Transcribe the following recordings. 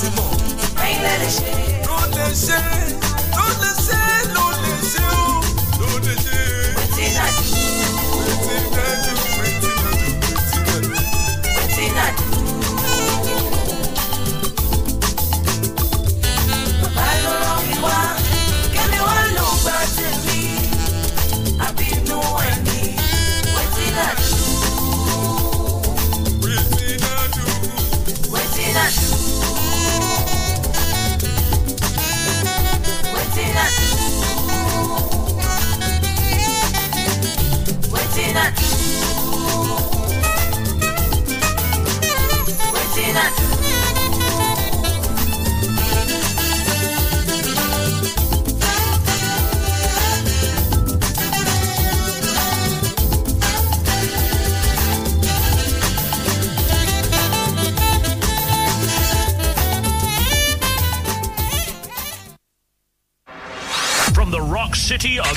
ti mọ̀. Ain't let it shake. Don't let it shake. Don't let it shake.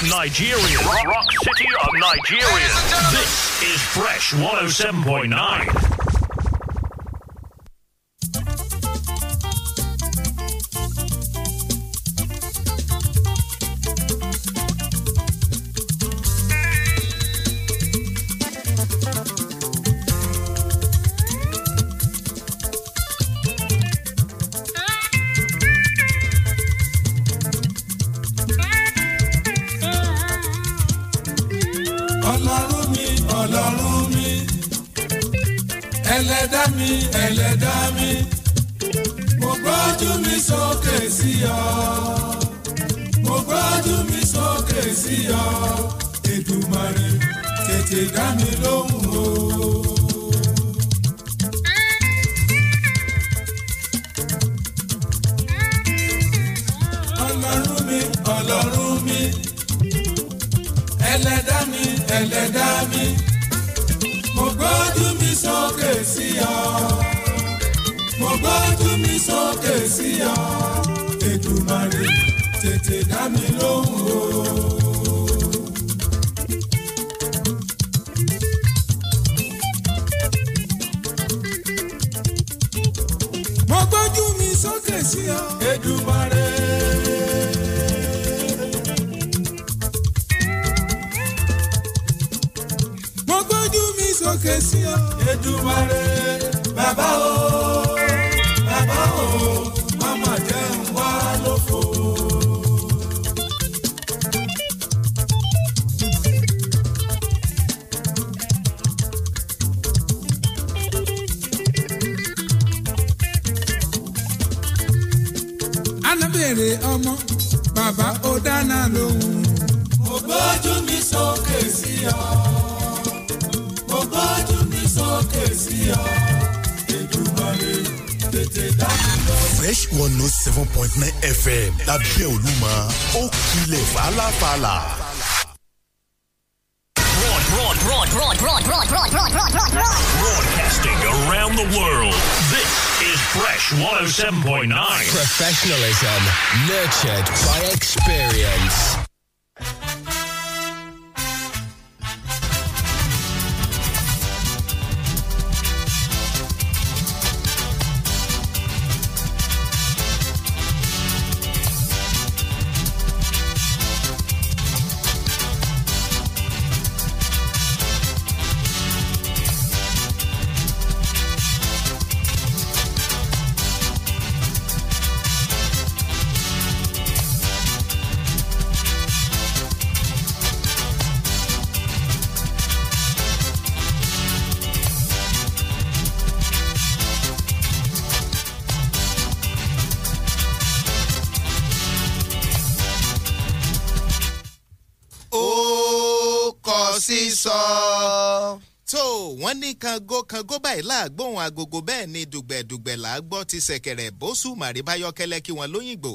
Nigeria. Rock, rock city of Nigeria. This is Fresh 107.9. ẹlẹ́dá mi ẹlẹ́dá mi mo gbójú mi sókè sí ọ mo gbójú mi sókè sí ọ Èdùmàrè tètè dá mi lóhùn o. ọlọ́run mi ọlọ́run mi ẹlẹ́dá mi ẹlẹ́dá mi mo mi sókè sí mi sókè sí ọ Èdùmàrè tètè dá mi lóhùn o. ké sí o. Èdùmàrè bàbá o. fresh one note oh seven point nine fm lábẹ́ olúmọ ó kilẹ̀ fàlàfàlà. broad, broad, broad, broad, broad, broad, broad, broad, broad. Broadcasting around the world. This is Fresh 107.9. Professionalism nurtured by experience. wọ́n ní kango kango báyìí láàgbóhùn agogo bẹ́ẹ̀ ni dùgbẹ̀dùgbẹ̀ làágbọ́ ti ṣẹ̀kẹ̀rẹ̀ bóṣù màrìbáyọ̀kẹ́lẹ́ kí wọ́n lóyìnbó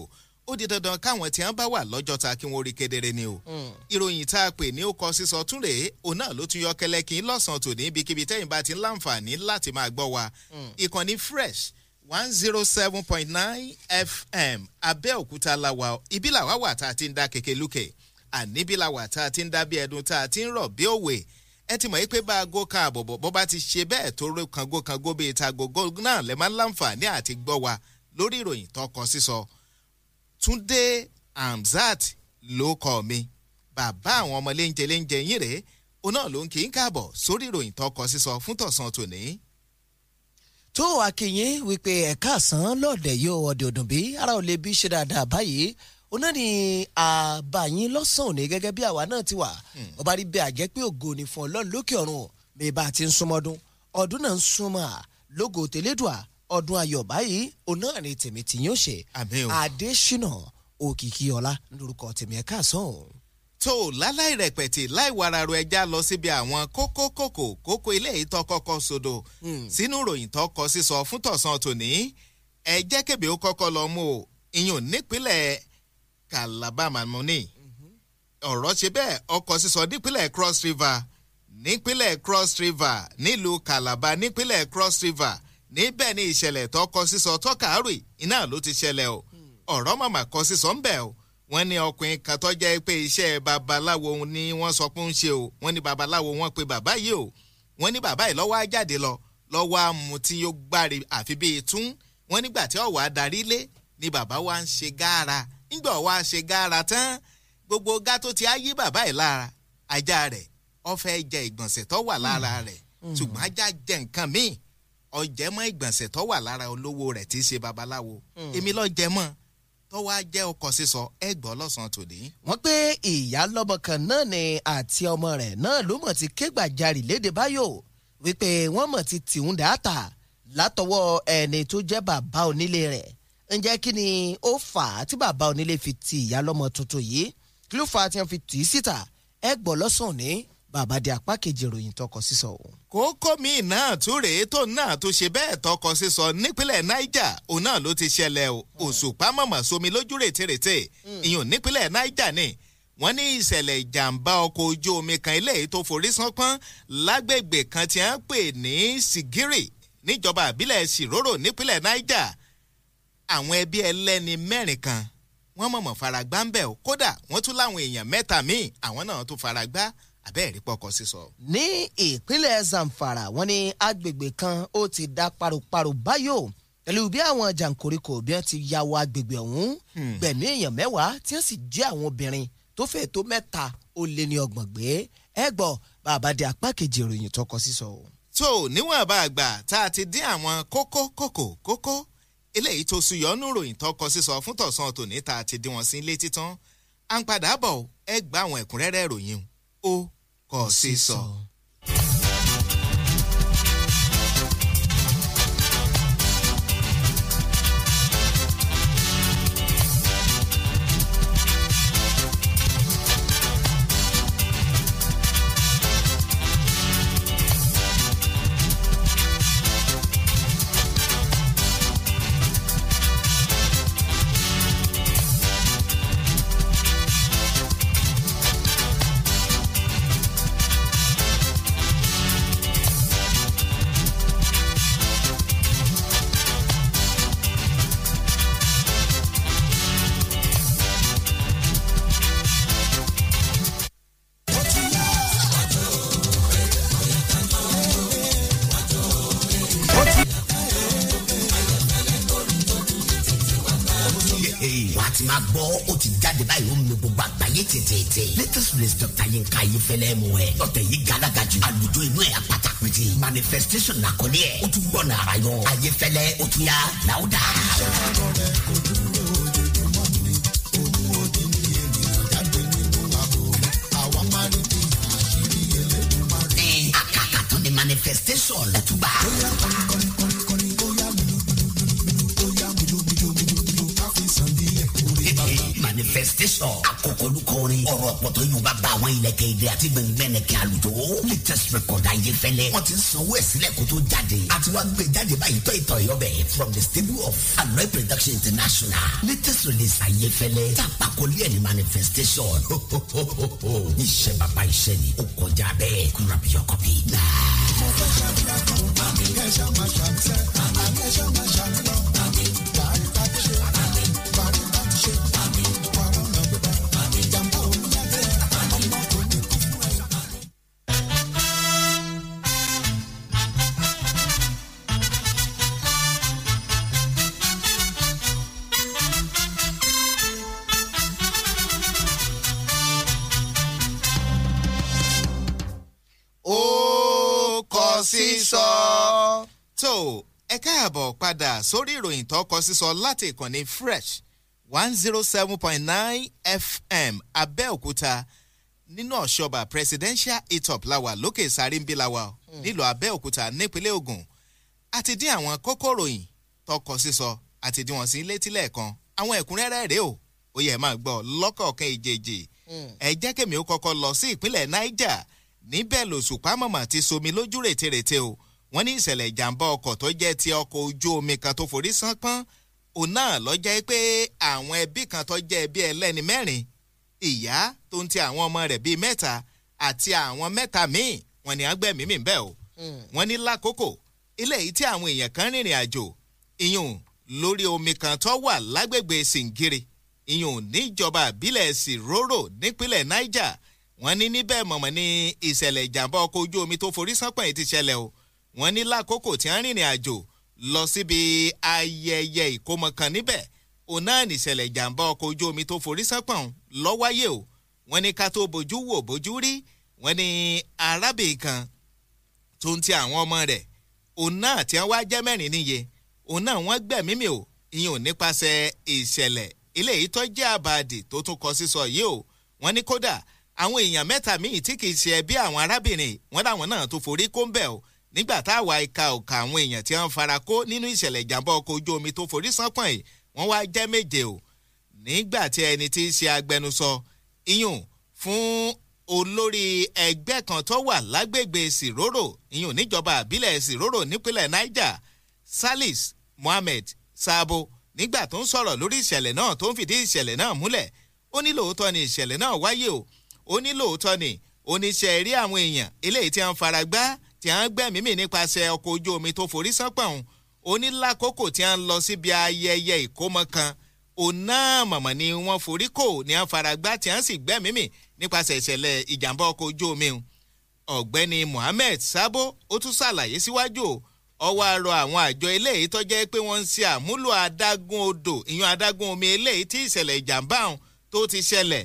ó di dandan káwọn tí wọ́n bá wà lọ́jọ́ ta kí wọ́n rí kedere ni o. Hmm. ìròyìn tá a pè ní ó kọ sísọ tún rèé òun náà ló tún yọ kẹlẹ́kì lọ́sàn-án tòní ibikíbi tẹ́yìn bá ti ń láǹfààní láti máa gbọ́ wa. Hmm. ìkànnì fresh one zero oh seven point nine fm abẹ́òkúta làwà ibi làwà wà tá a ti ń dá kékeré lùkè àníbi tá a ti ń dá bí ẹdun tá a ti ń rọ̀ bí òwe ẹ ti mọ̀ yí pé bá aago ka àbọ̀bọ̀ bọ́ bá ti ṣe bẹ́ẹ̀ tó rí kango kango bíi ta gogo náà lẹ́ máa ń láǹfààní àti gbọ́ wa lórí ìròyìn tọkọ sísọ Túndé Hamzat ló kọ mi bàbá àwọn ọmọ léńjẹ léńjẹ yín rèé òun náà ló ń kí n káàbọ̀ sórí ìròyìn tọkọ sísọ fún tọ̀sán tòní tó akínyìn wípé ẹ̀ka àsán lọ́ọ̀dẹ̀ yóò ọ̀dẹ̀ òdùnbí ara ò lè bí ṣe dáadáa báyìí onáni àbàyìn lọ́sàn-án òní gẹ́gẹ́ bí àwa náà ti wà hmm. ọba rí bẹ́ẹ̀ àjẹ́ pé ògo ni fún ọlọ́run lókè ọ̀run mi bá a ti ń súnmọ́dún ọdún náà ń súnmọ́ à lógo tẹ̀lédùà ọdún ayọ̀ báyìí onáà ni tèmi tí yóò ṣe Adésínà òkìkí ọlá lórúkọ tèmi ẹ̀ka sọ̀hún. tó o láláì rẹpẹtì láì wararo ẹja lọ síbi àwọn kókó kòkó kókó ilé ìtọ́ kọ́kọ́ sodo hmm. sínú ìròyìn tó kọ sísọ fún tọ̀sán tòní ẹ jẹ́ kébè ó kọ́kọ́ lọ mú o ìyún nípínlẹ̀ Kalabama Malmoni mm-hmm. ọ̀rọ̀ ṣe bẹ́ẹ̀ ọkọ̀ sísọ nípínlẹ̀ Cross River nípínlẹ̀ Cross River nílùú kalaba. nípínlẹ̀ Cross River níbẹ̀ ni ìṣẹ̀lẹ̀ tọkọ sísọ tọkàárì iná ló ti ṣẹlẹ̀ o hmm. ọ̀rọ̀ màmá kọ sísọ ń bẹ̀ o wọ́n ní ọkùnrin kan tó jẹ́ pé iṣẹ́ babaláwo ni wọ́n sọ pé ń ṣe o wọ́n ní babaláwo wọ́n pe bàbá yìí o wọ́n ní bàbá yìí lọ́wọ́ á jáde lọ lọ́wọ́ á mu tí yóò gbáre àfi bíi tún wọ́n nígbà tí ọ̀wọ́ á darí lé ni bàbá wa ń ṣe gáara ńgbà wá ṣe gára tán gbogbo gá tó ti á yí bàbá ẹ̀ lára ajá rẹ̀ ó fẹ́ jẹ ìgbọ̀nsẹ̀ tó wà lára hmm. rẹ̀ hmm. ṣùgbọ́n ajá jẹ nǹkan míì ó mọ́ ìgbọ̀nsẹ̀ tó wà lára olówó rẹ̀ tí í ṣe babaláwo hmm. èmi ló jẹ mọ́ tó wá jẹ́ ọkọ̀ sísọ ẹgbọ́ lọ́sàn-án tòní. wọ́n pé ìyá lọ́mọ kan náà ni àti ọmọ rẹ̀ náà ló mọ̀ ti ké gbàjarì léde báyò wípé wọ́n mọ̀ ti tìhún dáàtà látọwọ́ ẹni tó jẹ́ bàbá onílé rẹ̀ ǹjẹ́ kí ni ó fà á tí bàbá onílé fi ti ìyá lọ́mọ tuntun yìí kí ló fà á tí wọ́n fi tì í síta ẹ gbọ́ lọ́sàn ní bàbá di apá kejì ìròyìn tọkọ sísọ o. kókó míì náà tún rèé tó náà tó ṣe bẹ́ẹ̀ tọkọ sísọ nípínlẹ̀ niger òun náà ló ti ṣẹlẹ̀ o òṣùpá mọ̀mọ̀ somi lójú rètérètè hmm. ìyọ̀n nípínlẹ̀ niger ni wọ́n ní ìṣẹ̀lẹ̀ ìjàmbá ọkọ̀ ojú omi kan eléyìí tó forí sánpọ́n lágbègbè kan tí wọ́n pè ní sigiri níjọba àbílẹ̀ siroro nípínlẹ̀ niger àwọn ẹbí ẹlẹ́ni mẹ́rin kan wọ́n mọ̀mọ́ faragbá ń bẹ̀ ọ́ kódà wọ́n tún láwọn èèyàn mẹ́ta míì àwọn náà tún faragbá àbẹ́ẹ̀rí pọkọ sísọ. ní ìpínlẹ̀ Zamfara wọ́n ní agbègbè kan ó ti dá paroparo báyò pẹ̀lú bí àwọn jàǹkóríkò bí wọ́n ti ya wọ agbègbè ọ̀hún hmm. gbẹ̀mí èèyàn mẹ́wàá tí wọ́n sì jẹ́ àwọn obìnrin tó fẹ́ tó mẹ́ta ó lé ní ọgbọ̀n gbé ẹ gbọ́ bàbá di apá kejì ìròyìn tọkọ sísọ. tó níwọ̀n bá a gbà tá a ti dín àwọn kókó kókó kókó eléyìí tó suyọ́nù ròyìn tọkọ sísọ fún tọ̀sán tòní ta ti dín wọn sí ilé títán à ń padà bọ̀ ẹ gba àwọn ẹ̀kúnrẹ́rẹ́ ròyìn o kò sísọ. So. lẹ́mu ẹ̀. ọ̀tẹ̀ yìí galaga jù àlùjọ inú ẹ̀ apata pété manifestation làkọ́lé ẹ̀ ó tún gbọ́nà ara yọ ayé fẹ́lẹ́ ó tún yá láwùdà. manifestation lẹ́tùbà. ó yà manifestation àkọ́kọ́lùkọ́ orin ọ̀rọ̀ ọ̀pọ̀tọ́ yorùbá bá àwọn ilẹ̀kẹ̀ ìdè àti gbẹ̀ngbẹ̀nẹ̀kẹ̀ àlùjọ latest record ayéfẹ́lẹ́ wọ́n ti sanwó ẹ̀sílẹ̀ kó tó jáde àti wá gbé jáde báyìí tọ́ ìtọ̀ ìyọ́bẹ̀ from the stable of aloe production international latest release ayéfẹ́lẹ́ tàpákọ́lé ẹni manifestation iṣẹ́ bàbá iṣẹ́ ni ó kọjá bẹ́ẹ̀ grab your copy now. mo fẹ́ ṣàbíyá kan àmì kẹ́sàn ọ̀rọ̀ sísọ. tó ẹ káàbọ̀ padà sórí ìròyìn tó sísọ láti ìkànnì fresh one zero oh seven point nine fm abẹ́òkúta nínú ọ̀ṣọ́bà presidential etop làwà lókè sáréńbí làwà hmm. nílùú abẹ́òkúta nípínlẹ̀ Ògùn àti dín àwọn kókó ròyìn tó kọ sísọ àti dín wọn sí létí lẹ́ẹ̀kan àwọn ẹ̀kúnrẹ́rẹ́ rèé o ó yẹ máa gbọ́ lọ́kọ̀ọ̀kan ìjèjì hmm. ẹ jẹ́ kèmí ó kọ́kọ́ lọ sí ìpínlẹ̀ Niger níbẹ̀ lòṣùpá mọ̀mọ́ ti somi lójú rètérètè o wọ́n ní ìṣẹ̀lẹ̀ ìjàmbá ọkọ̀ tó jẹ́ ti ọkọ̀ ojú omi kan tó forí sánpọ́n òun náà ló jẹ́ pé àwọn ẹbí kan tó jẹ́ ẹbí ẹlẹ́ni mẹ́rin ìyá tó ń ti àwọn ọmọ rẹ̀ bíi mẹ́ta àti àwọn mẹ́ta míì wọ́n ní agbẹ́mí mi bẹ́ẹ̀ o hmm. wọ́n ní lákòókò ilé yìí tí àwọn èèyàn kan rìnrìn àjò ìyún lórí omi kan tó wà lágbègbè Sìngiri ìyún níjọba àbílẹ̀ Sìrórò nípínlẹ̀ Niger wọ́n ní níbẹ̀ mọ̀mọ́ ní ìṣẹ̀lẹ̀ ìjàmbá ọkọ̀ ojú omi tó forí sánpẹ̀ yìí ti ṣẹlẹ̀ o wọ́n ní lákòókò tí wọ́n rìnrìn àjò lọ síbi ayẹyẹ ìkómọ kan níbẹ̀ òun náà nìṣẹ̀lẹ̀ ìjàmbá ọkọ̀ ojú omi tó forí sánpẹ̀ lọ́wáyé o wọ́n ní ká tó bójú wò bójú rí wọ́n ní arábìnrin kan tó ń ti àwọn ọmọ rẹ̀ òun náà tí wọ́n wá jẹ́ mẹ́rin níye òun náà wọ́n gbẹ̀mímì o àwọn èèyàn mẹ́ta míì tí kì í ṣe ẹbí àwọn arábìnrin wọn làwọn náà tó forí kó ń bẹ̀ ọ́ nígbà táwa ẹ̀ka ọ̀ka àwọn èèyàn tí wọ́n fara kó nínú ìṣẹ̀lẹ̀ ìjàmbá ọkọ̀ ojú omi tó forí sánpọ̀n yìí wọ́n wá jẹ́ méje o nígbà tí ẹni tí í ṣe agbẹnusọ iyùn fún olórí ẹgbẹ́ kan tó wà lágbègbè sìrórò iyùn níjọba àbílẹ̀ sìrórò nípínlẹ̀ niger salis mohammed sabo nígbà tó ń sọ̀rọ̀ lórí ìṣẹ̀lẹ̀ náà tó ń fìdí ìṣẹ̀lẹ̀ náà múlẹ̀ ó ní lóòótọ́ ni ìṣẹ̀lẹ̀ náà wáyé o ó ní lóòótọ́ ni oníṣẹ́ rí àwọn èèyàn eléyìí tí wọ́n fara gbá tí wọ́n gbẹ̀mí mì nípasẹ̀ ọkọ̀ ojú omi tó forí sánpọ̀n ó ní lákòókò tí wọ́n lọ síbi ayẹyẹ ìkómọ kan òun mọ̀mọ́ ni wọ́n forí kò ní wọ́n fara gbá tí wọ́n sì gbẹ̀mí mì nípasẹ̀ ìṣẹ̀lẹ̀ ìjàmbá ọkọ̀ ojú omi ọ̀gbẹ́ni Mohammed Sabo ó tún ṣàlàyé síwájú ó wá rọ àwọn àjọ eléyìí tó jẹ́ pé wọ́n ń ṣe àmúlò adágún odò ìyún adágún omi eléyìí tí ìṣẹ̀lẹ̀ ìjàmbá ọ̀hún tó ti ṣẹlẹ̀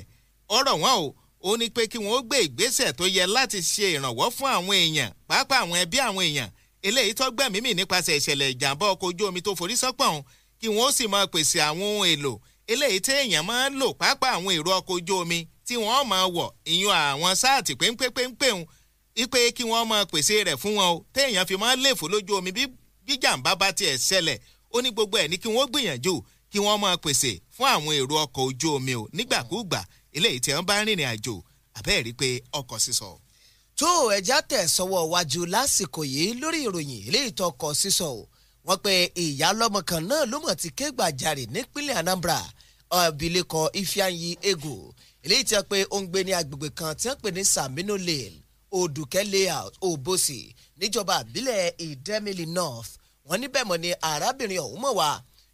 ọ̀rọ̀ wọn o ó ní pé kí wọ́n ó gbé ìgbésẹ̀ tó yẹ láti ṣe ìrànwọ́ fún àwọn èèyàn pàápàá àwọn ẹbí àwọn èèyàn eléyìí tó gbẹ̀mímì nípasẹ̀ ìṣẹ̀lẹ̀ ìjàmbá ọkọ̀ ojú omi tó forí sọ́pọ̀n kí wọ́n ó sì máa pèsè àwọn ohun èlò eléyìí tí èèyàn máa ń lò pàápàá àwọn èrò ọkọ̀ ojú omi tí wọ́n máa wọ̀ ìyún àwọn sáàtì péńpéńpéhùn ipe kí wọ́n máa pèsè rẹ̀ fún wọn o téèyàn fi máa ń lè fò lójú omi bí jàǹbá bá tiẹ̀ ṣẹlẹ̀ ó ní gbogbo ẹ̀ ní kí wọ́n gbìyànjú kí wọ́n máa pèsè fún àwọn èrò ọkọ̀ ojú omi o nígbàkúùgbà mm eléyìí tí wọ́n bá ń rìnrìn àjò àbẹ́ẹ̀ rí pé ọkọ̀ sísọ. tó ẹja tẹ̀ sọ́wọ́ wájú lásìkò yìí lórí ìròyìn eléyìí tó ọkọ̀ sísọ o wọ́n pe ìyá ọlọ́mọ kan náà ló mọ̀ ti ké gbàjarè nípínlẹ̀ Anambra abilékọ Ifeanyi Ego eléyìí tí wọ́n pe ó ń gbé ní agbègbè kan tí wọ́n pè ní Saminu Lane Odùkẹ́ layout Obosi níjọba àbílẹ̀ Idemili North wọ́n níbẹ̀ mọ̀ ni arábìnrin ọ̀hún mọ̀ wá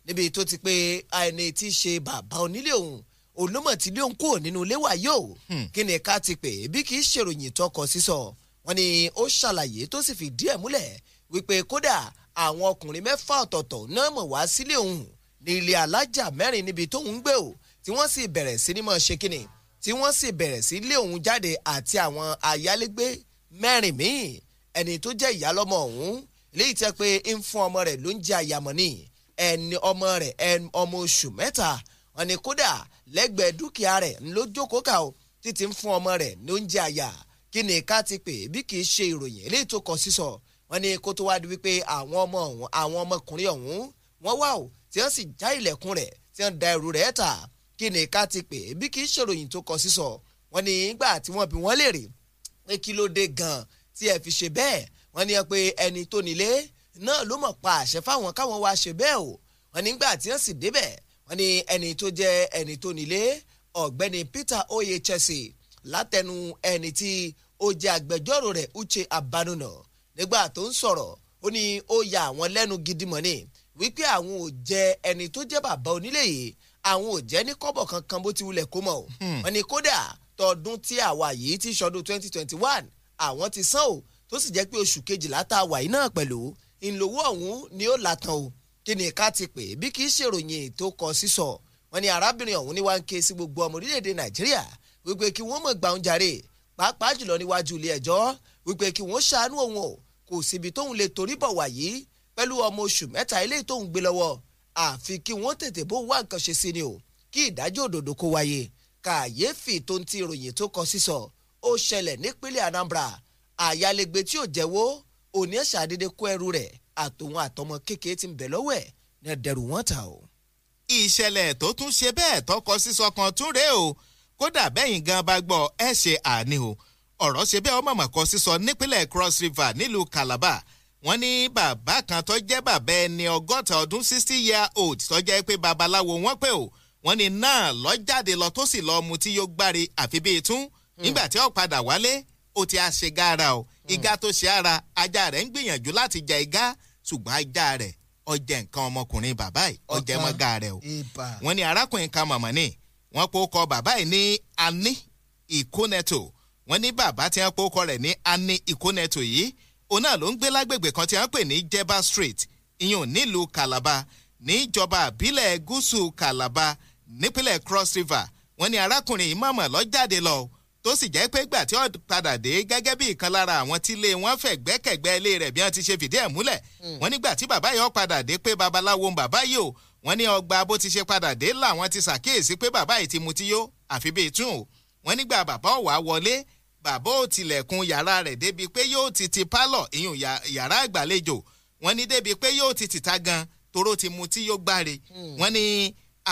níbi tó ti pé àìní ti ṣe bàbá onílé òun olómọ̀ tí ló ń kúrò nínú ilé wa yóò hmm. kí ni ká ti pè bí kì í ṣèròyìn tọkọ sísọ wọn ni ó ṣàlàyé tó sì fìdí ẹ̀ múlẹ̀ wípé kódà àwọn ọkùnrin mẹ́fà ọ̀tọ̀ọ̀tọ̀ náà mọ̀ wá sílé òun ní ilé alájà mẹ́rin níbi tóun ń gbé o tí wọ́n sì bẹ̀rẹ̀ sí ní mọ̀ ṣe kíni tí wọ́n sì bẹ̀rẹ̀ sí lé òun jáde àti àwọn ayálégbé mẹ́rin míì ẹni tó jẹ́ ìyálọ́mọ ọ̀hún léyìí tẹ́ pé ń fún ọmọ rẹ̀ ló ń jẹ́ àyàmọ̀ ni ẹni ọmọ rẹ̀ ọmọ oṣù mẹ́ta wọn ni kódà lẹ́gbẹ̀ẹ́ dúkìá rẹ̀ ló jókòó kà ó títí ń fún ọmọ rẹ̀ ní oúnjẹ àyà kí ni ká ti pè bí kì í ṣe ìròyìn eléyìí tó kọ sísọ wọ́n ní kó tó wá di wípé àwọn ọmọ ọ̀hún àwọn ọmọkùnrin ọ̀hún wọ́n wà ó tí wọ́n sì já ilẹ̀kùn rẹ̀ tí wọ́n da ẹrù rẹ̀ ta kí ni ká ti pè bí kì í ṣe ìròyìn tó kọ sísọ wọ́n ní ìgbà tí wọ́n bi wọ́n léèrè pé kí ló dé gan tí ẹ fi ṣe bẹ́ẹ̀ wọ́n ní pé ẹni tó nílé náà ló mọ̀ pa àṣẹ fáwọn káwọn wá ṣe bẹ́ẹ̀ o wọ́n nígbà tí wọ́n sì débẹ̀ wọ́n ní ẹni tó jẹ́ ẹni tó nílé ọ̀gbẹ́ni Peter Oye Chelsea látẹnu ẹni tí ó jẹ́ agbẹjọ́rò rẹ̀ Uche Abanuna nígbà tó ń sọ̀rọ̀ ó ní ó ya àwọn lẹ́nu gidi mọ́ ni wípé àwọn ò jẹ ẹni tó jẹ́ bàbá onílé yìí àwọn ò jẹ́ ní kọ́bọ̀ kankan bó ti wulẹ̀ kó mọ̀ o hmm. wọ́n ní kódà tọdún tí àwa yìí ti ṣọdún twenty twenty one àwọn ti san o tó sì jẹ́ pé oṣù kejìlá tá a wà yìí náà pẹ̀lú ìlówó ọ̀hún ni ó là tán o kí ni ká ti pè bí kì í ṣèròyìn ètò kọ sísọ wọ́n ní arábìnrin ọ̀hún ní wá ń ké sí gbogbo ọmọ orílẹ̀-èdè nàìjíríà wípé kí wọ́n mọ̀ gbà ń jàre pàápàá jùlọ níwájú ilé ẹjọ́ wípé kí wọ́n ṣàánú òun o kò síbi tóun lè torí bọ̀ wà yìí pẹ̀lú ọmọ oṣù mẹ́ta ilé tóun gbé lọ́wọ́ àfi kí wọ́n tètè bó wá nǹkan ṣe sí ni o kí ìdájọ́ òdodo kó wáyé kàyéfì tó ń ti ìròyìn tó kọ sísọ ó ṣẹlẹ̀ nípínlẹ̀ Anambra àyálégbé tí ò jẹ́wọ́ òní ẹ̀ṣà kó ẹrú rẹ̀ àtòun àtọmọ kékeré tí ń bẹ lọ́wọ́ ẹ̀ ní ẹ̀dẹ̀rù wọn ta o. ìṣẹ̀lẹ̀ tó tún ṣe bẹ́ẹ̀ tọkọ sísọ kan tún rèé o kódà bẹ́yìn gan bá gbọ́ ẹ ṣe àní o ọ̀rọ̀ ṣe bẹ́ẹ̀ ọmọ màkọ sísọ nípínlẹ̀ Cross River nílùú Calabar wọ́n ní bàbá kan tó jẹ́ bàbá ẹni ọgọ́ta ọdún sixty year old tó jẹ́ pé babaláwo wọ́n pè o wọ́n ní náà lọ jáde lọ tó sì lọ́ọ́ mutí yó gbárí àfi bíi tún hmm. nígbà tí ó padà wálé ó ti àṣegára o hmm. igá tó ṣe ara ajá rẹ̀ ń gbìyànjú láti ja igá ṣùgbọ́n ajá rẹ̀ ọjẹ́ nǹkan ọmọkùnrin bàbá ẹ̀ ọjẹ́ mọ́gà rẹ̀ o wọ́n ní arákùnrin kan mọ̀mọ́ ní wọ́n pò kọ bàbá ẹ̀ ní ani ikoneto wọ́n ní bàbá tí wọ́n pò kọ rẹ̀ ní ani ikoneto yìí òun náà ló ń gbé lágbègbè kan tí wọ́n pè ní jeba street ìyún nílùú calabar níjọba àbílẹ̀ gúúsù calabar nípínlẹ̀ cross river wọ́n ní arákùnrin yìí mọ̀mọ́ lọ jáde lọ tó sì jẹ́ pé gbà tí ó padà dé gẹ́gẹ́ bí ìkan lára àwọn tí ilé wọn fẹ̀ gbẹ́kẹ̀gbẹ́ ilé rẹ̀ bí wọ́n ti ṣe fìdí ẹ̀ múlẹ̀ hmm. wọ́n nígbà tí bàbá yìí ó padà dé pé babaláwo ń bàbá yìí o wọ́n ní ọgbà bó ti ṣe padà dé làwọn ti ṣàkíyèsí pé bàbá yìí ti mutí yó àfi bíi tún o wọ́n nígbà bàbá ó wá wọlé bàbá ò tilẹ̀kùn yàrá rẹ̀ débi pé yóò ti ti pálọ̀ ìyún yàrá àgbàlejò wọ́n ní débi pé yóò ti tìta gan toró ti mutí yó gbáre hmm. wọ́n ní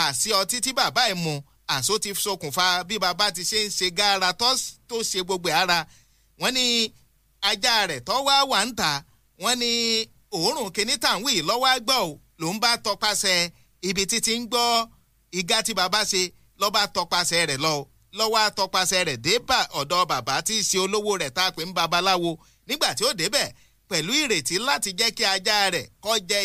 àsí ọtí bàbá ẹ̀ mu àṣó ti ṣokùnfà bí bàbá ti ṣe ń ṣe gára tó ṣe gbogbo ara wọ́n ní ajá rẹ̀ tó wá wà ń ta wọ́n ní òórùn kìíní tàwí lọ́wọ́ àgbọ̀ ò ló ń bá tọpasẹ̀ ibi títí ń gbọ́ ìgá tí bàbá ṣe ló bá tọpasẹ̀ rẹ̀ lọ lọ́wọ́ àtọpasẹ̀ rẹ̀ dé bá ọ̀dọ̀ bàbá tí í ṣe olówó rẹ̀ tá a pè ń babaláwo nígbà tí ó débẹ̀ pẹ̀lú ìrètí láti jẹ́ kí ajá rẹ̀ kó jẹ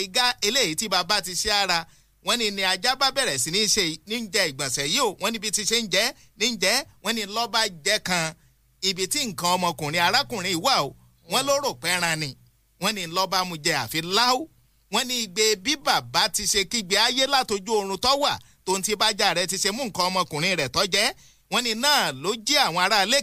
eléyìí tí bàbá ti ṣe ara wọ́n ní ni ajá bá bẹ̀rẹ̀ sí ní ṣe níjẹ ìgbọ̀nsẹ̀ yìí o wọ́n níbi tí ṣe ń jẹ́ níjẹ́ wọ́n ní lọ́ba jẹ́ kan ibi tí nǹkan ọmọkùnrin arákùnrin wà o wọ́n ló rò pẹ́ran ni wọ́n ní lọ́ba mu jẹ àfi láwù wọ́n ní igbe bí bàbá ti ṣe kígbe ayé látojú oorun tó wà tó ń ti bájà rẹ̀ ti ṣe mú nǹkan ọmọkùnrin rẹ̀ tó jẹ́ wọ́n ní náà ló jí àwọn ará ilé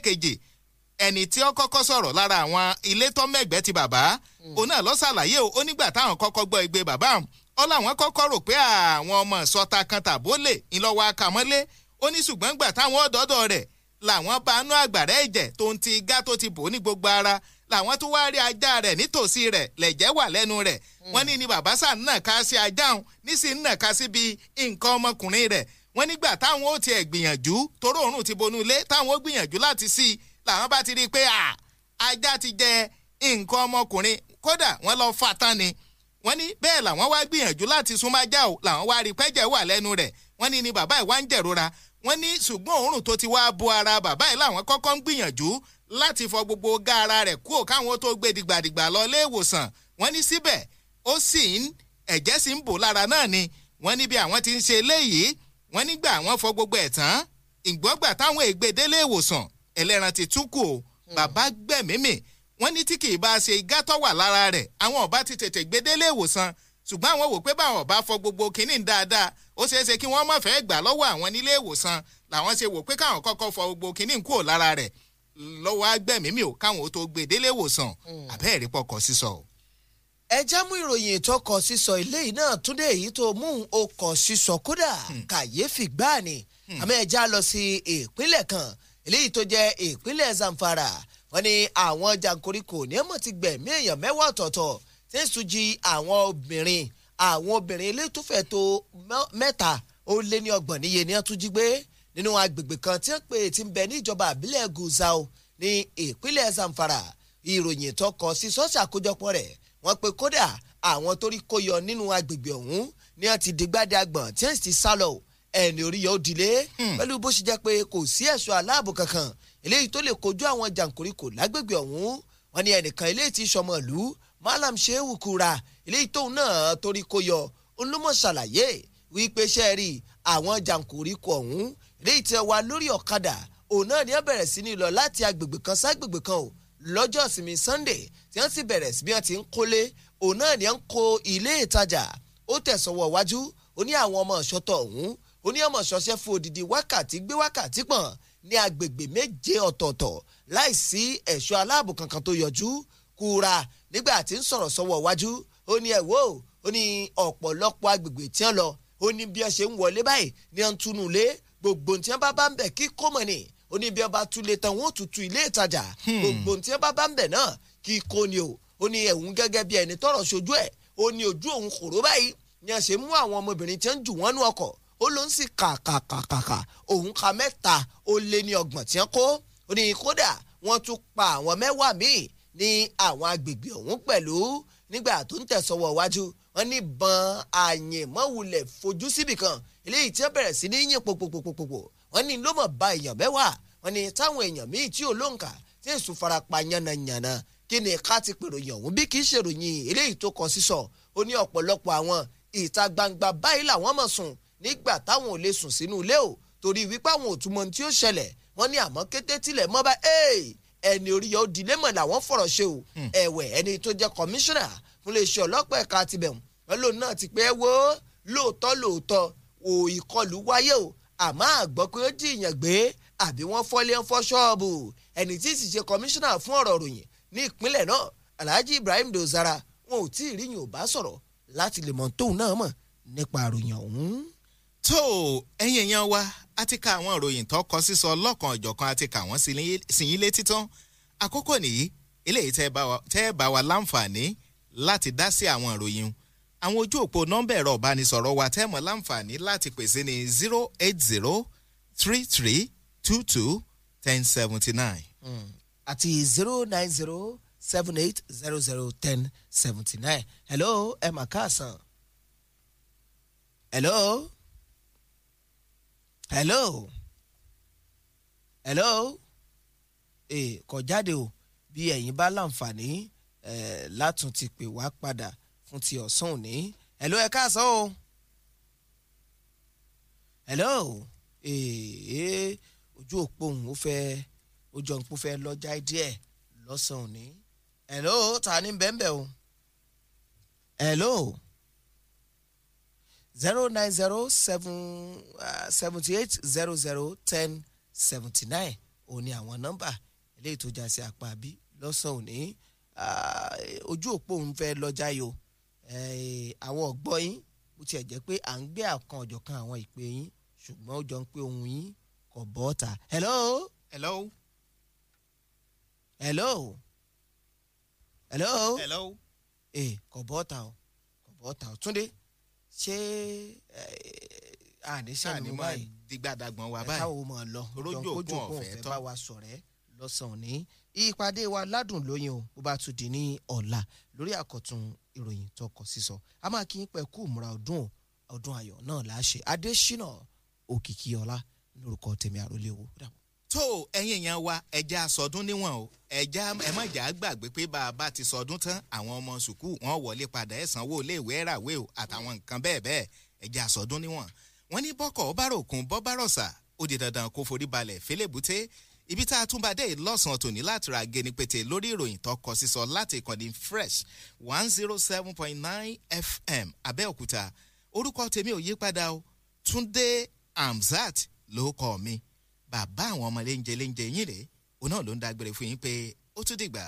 ẹni tí ó kọ́kọ́ sọ̀rọ̀ lára àwọn ilé tó mẹ́gbẹ́ ti bàbá hmm. òun náà ló ṣàlàyé o ó nígbà táwọn kọ́kọ́ gbọ́ igbe bàbá ó láwọn kọ́kọ́ rò pé àwọn ọmọ sọta kan tàbó lè ńlọ́wọ́ akamọ́lé ó ní ṣùgbọ́n gbà táwọn ọ̀dọ́dọ̀ rẹ̀ làwọn bá nú àgbàrá ẹ̀jẹ̀ tó ń ti igá tó ti bò ní gbogbo ara làwọn tó wá rí ajá rẹ̀ nítòsí rẹ̀ lẹ̀jẹ̀ wà lẹ́nu rẹ̀ hmm. wọ́n ní ni bàbá sà ń nàka sí ajá òun níṣì ń nàka síbi nǹkan ọmọkùnrin rẹ̀ wọ́n nígbà táwọn ó tiẹ̀ gbìyànjú toró òórùn ti bonú ilé táwọn ó gbìyànjú láti sí i làwọn bá ti rí i pé ajá ti jẹ nǹkan ọmọkùnrin kódà wọ́n lọ fà tán ni wọ́n ní bẹ́ẹ̀ làwọn wá gbìyànjú láti súnmọ́ ajá o làwọn wá rí pẹ́jẹ́ wà lẹ́nu rẹ̀ wọ́n ní ni bàbá ẹ̀ wá ń jẹ̀rora wọ́n ní ṣùgbọ́n òórùn tó ti wá bo ara bàbá ẹ̀ làwọn kọ́kọ́ ń gbìyànjú láti fọ gbogbo ọgá ara rẹ̀ kúrò káwọn tó gbé dìgbàdìgbà lọ ilé ìwòsàn wọ́n ní síbẹ̀ ó sì ń ẹ̀jẹ̀ sì ń bò lára náà ni wọ́n ní bí àwọn ti ń ṣe eléyìí wọ́n nígbà àwọn fọ gbogbo ẹ̀ tán ìgbọ́gbà táwọn ègbè délé ìwòsàn ẹlẹ́ran ti túkù o hmm. bàbá gbẹ̀mímì wọ́n ní tí kìí bá ṣe igá tó wà lára rẹ̀ àwọn ọba ti tètè gbé délé ìwòsàn ṣùgbọ́n àwọn wò pé báwọn ọba fọ gbogbo kínní dáadáa ó ṣeé ṣe kí wọ́n má fẹ́ gbà lọ́wọ́ àwọn nílé ìwòsàn làwọn ṣe wò pé káwọn kọ́kọ́ fọ gbogbo kínní kúrò lára rẹ̀ lọ́wọ́ agbẹ̀mímì ò káwọn ó tó gbé délé ìwòsàn hmm. àbẹ́ẹ̀rí pọkọ sísọ. ẹ já mú ìròyìn tó kọ sísọ eléyìí náà túndé èyí tó mú o sísọ kódà hmm. kàyéfì gbáà ni hmm. àmọ́ ẹ já lọ sí ìpínlẹ̀ kan eléyìí tó jẹ́ ìpínlẹ̀ Zamfara wọ́n ní àwọn jàǹkórí kò ní mọ̀ ti gbẹ̀mí èèyàn mẹ́wàá ọ̀tọ̀ọ̀tọ̀ tí ń sùn jí àwọn obìnrin àwọn obìnrin ilé tó fẹ́ tó mẹ́ta ó lé ní ọgbọ̀n níye ní wọ́n gbé nínú agbègbè kan tí wọ́n pè ti ń bẹ ní ìjọba àbílẹ̀ Gusau ní ìpínlẹ̀ Zamfara ìròyìn tó kọ sí sọ́ọ̀sì àkójọpọ̀ rẹ̀ wọ́n pe kódà àwọn tó rí kó yọ nínú agbègbè ọ̀hún ni wọ́n ti digbáde agbọ̀n tí wọ́n sì ti sálọ ẹni orí yọ òdìlé hmm. pẹ̀lú bó ṣe jẹ́ pé kò sí ẹ̀ṣọ́ aláàbò kankan eléyìí tó lè kojú àwọn jàǹkóríkò lágbègbè ọ̀hún wọ́n ní ẹnìkan eléyìí tí sọmọ ìlú Malam Shehu Kura eléyìí tóun náà torí kó yọ olúmọ̀ ṣàlàyé wípé ṣe rí àwọn jàǹkóríkò ọ̀hún eléyìí tẹ wá lórí ọ̀kadà òun náà ni wọ́n bẹ̀rẹ̀ sí ní lọ láti agbègbè kan ságbègbè kan o lọ́jọ́ ìsinmi Sunday tí wọ́n sì bẹ̀rẹ̀ sí bí wọ́n ti ń kólé òun náà ni wọ́n kó ilé ìtajà ó tẹ̀sọ̀wọ́ wájú ó ní àwọn ọmọ ìṣọ́tọ̀ ọ̀hún ó ní ọmọ ìṣọ́ṣẹ́ fún odidi wákàtí gbé wákàtí pọ̀n ní agbègbè méje ọ̀tọ̀ọ̀tọ̀ láìsí ẹ̀ṣọ́ aláàbò kankan tó yọjú kúra nígbà tí ń sọ̀rọ̀ sọ́wọ́ iwájú ó ní ẹ̀ ó ní ọ̀pọ̀lọpọ̀ agbègbè tí wọ́n lọ ó ní bí wọ́n ṣe ń wọlé báyìí ní wọ́n túnú ilé gbogbo tí wọ́n bá bá ń bẹ̀ kí kó mọ̀ ni ó ní bí wọ́n bá tún lè tán wọ́n tutù ilé ìtajà hmm. gbogbo tí wọ́n bá bá ń bẹ̀ náà kí kó ni o ó ní ẹ̀hún gẹ́gẹ́ bí ẹni tọ́rọ̀ ṣojú ẹ̀ ó ní ojú òun kòró báyìí ni wọ́n ṣe mú àwọn ọmọbìnrin tí wọ́n jù wọ́n nú ọkọ̀ ó ló ń sì kà kà kà kà kà òun ka mẹ́ta ó lé ní ọgbọ̀n tí wọ́n kó ó ní kódà wọ́n tún pa àwọn mẹ́wàá míì ní àwọn agbègbè ọ̀hún pẹ̀lú nígbà tó ń tẹ̀sọ̀wọ̀ wájú wọ́n ní ìbọn àyèmọ́wulẹ̀ fojú síbìkan eléyìí tí wọ́n bẹ̀rẹ̀ sí ní yìn pòpòpòpòpò wọ́n ní ló mọ̀ ba èèyàn mẹ́wàá wọ́n ní táwọn èèyàn míì tí olóǹkà tí èsù farapa yànnàyànnà kí ni ká ti pèròyìn ọ̀hún bí kì í ṣèròyìn eléyìí tó kọ sísọ ó ní ọ̀pọ̀lọpọ̀ àwọn ìta gbangba báyìí làwọn mọ̀ sùn nígbà táwọn ò lè sùn sínú ilé o torí wípé àwọn ò túmọ̀ tí ó ṣẹlẹ̀ wọ́n ní àmọ́ kété tilẹ̀ mọ́ bá ẹni orí yọ òdìlé mọ̀ làwọn fọ̀rọ̀ ṣe o hmm. ẹ̀wẹ̀ ẹni tó jẹ́ kọmíṣánná fún iléeṣẹ́ ọlọ́pàá ẹ̀ka tibẹ̀ wọn lòun náà ti pé ẹ wo lóòótọ́ lóòótọ́ ò ìkọlù wáyé o àmọ́ àgbọ́ pé ó jìyàn gbé àbí wọ́n fọ́lé ń fọ́ ṣọ́ọ̀bù ẹni tí sì ṣe kọmíṣánná fún ọ̀rọ̀ ròyìn ní ìpínlẹ̀ náà Alhaji Ibrahim Dozara wọn ò tí ì ríyìn ò bá sọ̀rọ̀ láti lè mọ̀ tóun náà mọ̀ nípa àròyìn ọ̀hún tó ẹ̀yin èèyàn wa a ti ka àwọn ìròyìn tó kọ sísọ lọ́kàn ọ̀jọ̀kan a ti kà wọ́n sí yín létí tán àkókò nìyí eléyìí tẹ́ ẹ bá wa láǹfààní láti dá sí àwọn ìròyìn àwọn ojú òpó nọ́mbà ẹ̀rọ ìbánisọ̀rọ̀ wa tẹ́ mọ̀ láǹfààní láti pèsè ní zero eight zero three three two two ten seventy nine. Hmm. àti zero nine zero seven eight zero zero ten seventy nine hello ẹ mà káàsán hello hello hello ee eh, kò jáde o bí ẹ̀yin bá láǹfààní eh, látún ti pè wá padà fún ti ọ̀sán òní hello ẹ káàsán o hello Eh, ojú òpó òun ó fẹ́ ó jọ nǹkó fẹ́ lọ́jà díẹ̀ lọ́sàn òní hello ta ni bẹ́ẹ̀ bẹ́ẹ̀ o hello? zero nine zero seven uh, seventy eight zero zero ten seventy nine òun ni àwọn nọ́mbà eléyìí tó já sí apá bí lọ́sàn-án òní uh, ojú òpó òun fẹ́ lọ́jà yo eh, àwọn ọ̀gbọ́n yín bó tiẹ̀ jẹ́ pé à ń gbé àkan ọ̀jọ̀kan àwọn ìpè yín ṣùgbọ́n ó jọ ń pé ohun yín kò bọ́ ta. hello. hello. hello. hello. hello. ee eh, kò bọ́ ta o kò bọ́ ta o túndé ṣé àníṣàní eh, máa dìgbàdàgbọ̀n wa báyìí ẹ̀ka ò mọ̀ lọ lọ́jọ́ òkú ọ̀fẹ́ tó bá wa sọ̀rẹ́ lọ́sàn-án ní ìpàdé wa ládùn lóyún o bó bá tún di ní ọ̀la lórí àkọ́tún ìròyìn tọkọ sísọ a máa kí n pẹ̀ kú múra ọdún ọdún ayọ̀ náà láṣẹ adésínà òkìkí ọlá lórúkọ tèmi àròlé owó dàbọ̀ tó ẹ̀yin èèyàn wa ẹja sọdún níwọ̀n o ẹja ẹ má jà á gbàgbé pé bá a bá ti sọdún tán àwọn ọmọ sùkúù wọn wọlé padà ẹ sanwó iléèwé ràwé o àtàwọn nǹkan bẹ́ẹ̀ bẹ́ẹ̀ ẹja sọdún níwọ̀n wọn ní bọ́kọ̀ ọbáròkun bọ́bárọ̀sà ó di dandan kó forí balẹ̀ fẹlẹ́bùté ibi tá a tún bá dé lọ́sàn-án tòní láti ra geni pété lórí ìròyìn tọkọ sísọ láti ìkànnì fresh one zero seven point nine fm abẹ́òkúta orúkọ tèmi ò yí padà o túndé amzat ló kọ́ mi bàbá àwọn ọmọ léńjẹ léńjẹ yín rèé òun náà ló ń dágbére fún yín pé ó tún dìgbà.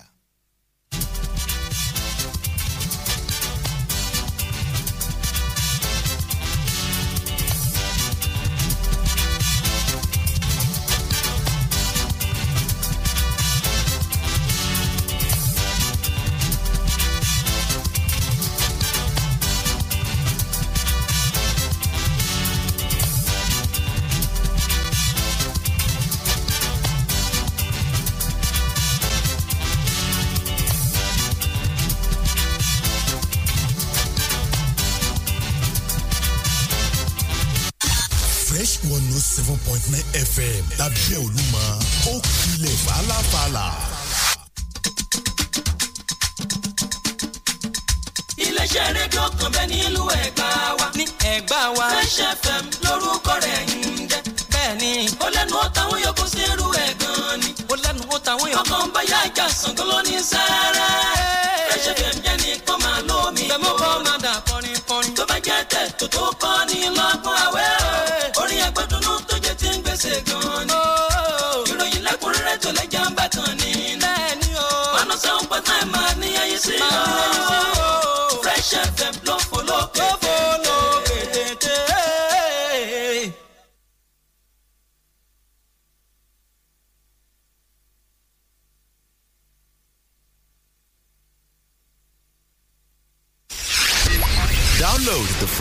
èèyàn bẹ́ẹ̀ nílùú ẹ̀gbá wa. ní ẹ̀gbá wa. Fresh FM lórúkọ rẹ̀ ń jẹ́. bẹ́ẹ̀ni. ó lẹ́nu ó táwọn yòókù sí irú ẹ̀ gan-an ni. ó lẹ́nu ó táwọn yòókù. ọkàn bá yá ìjà Ṣàngó ló ní Fresh FM jẹ́ ní kó máa lómi. bẹ́ẹ̀ mú kó máa dà kọrin kọrin. tó bá jẹ́ tẹ̀ tó tó kọ́ ni lọ́gbọ́n àwẹ̀ orí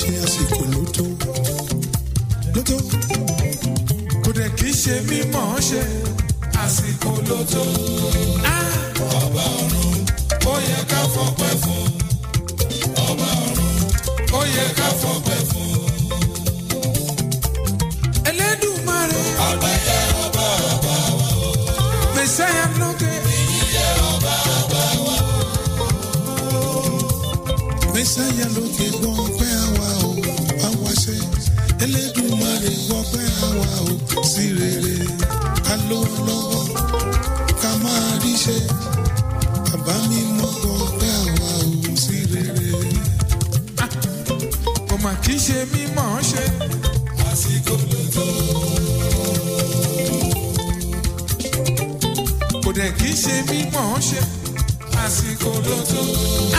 ṣe àsìkò ló tó ló tó. kò dẹ̀ kí ṣe mímọ̀ ṣe àsìkò ló tó.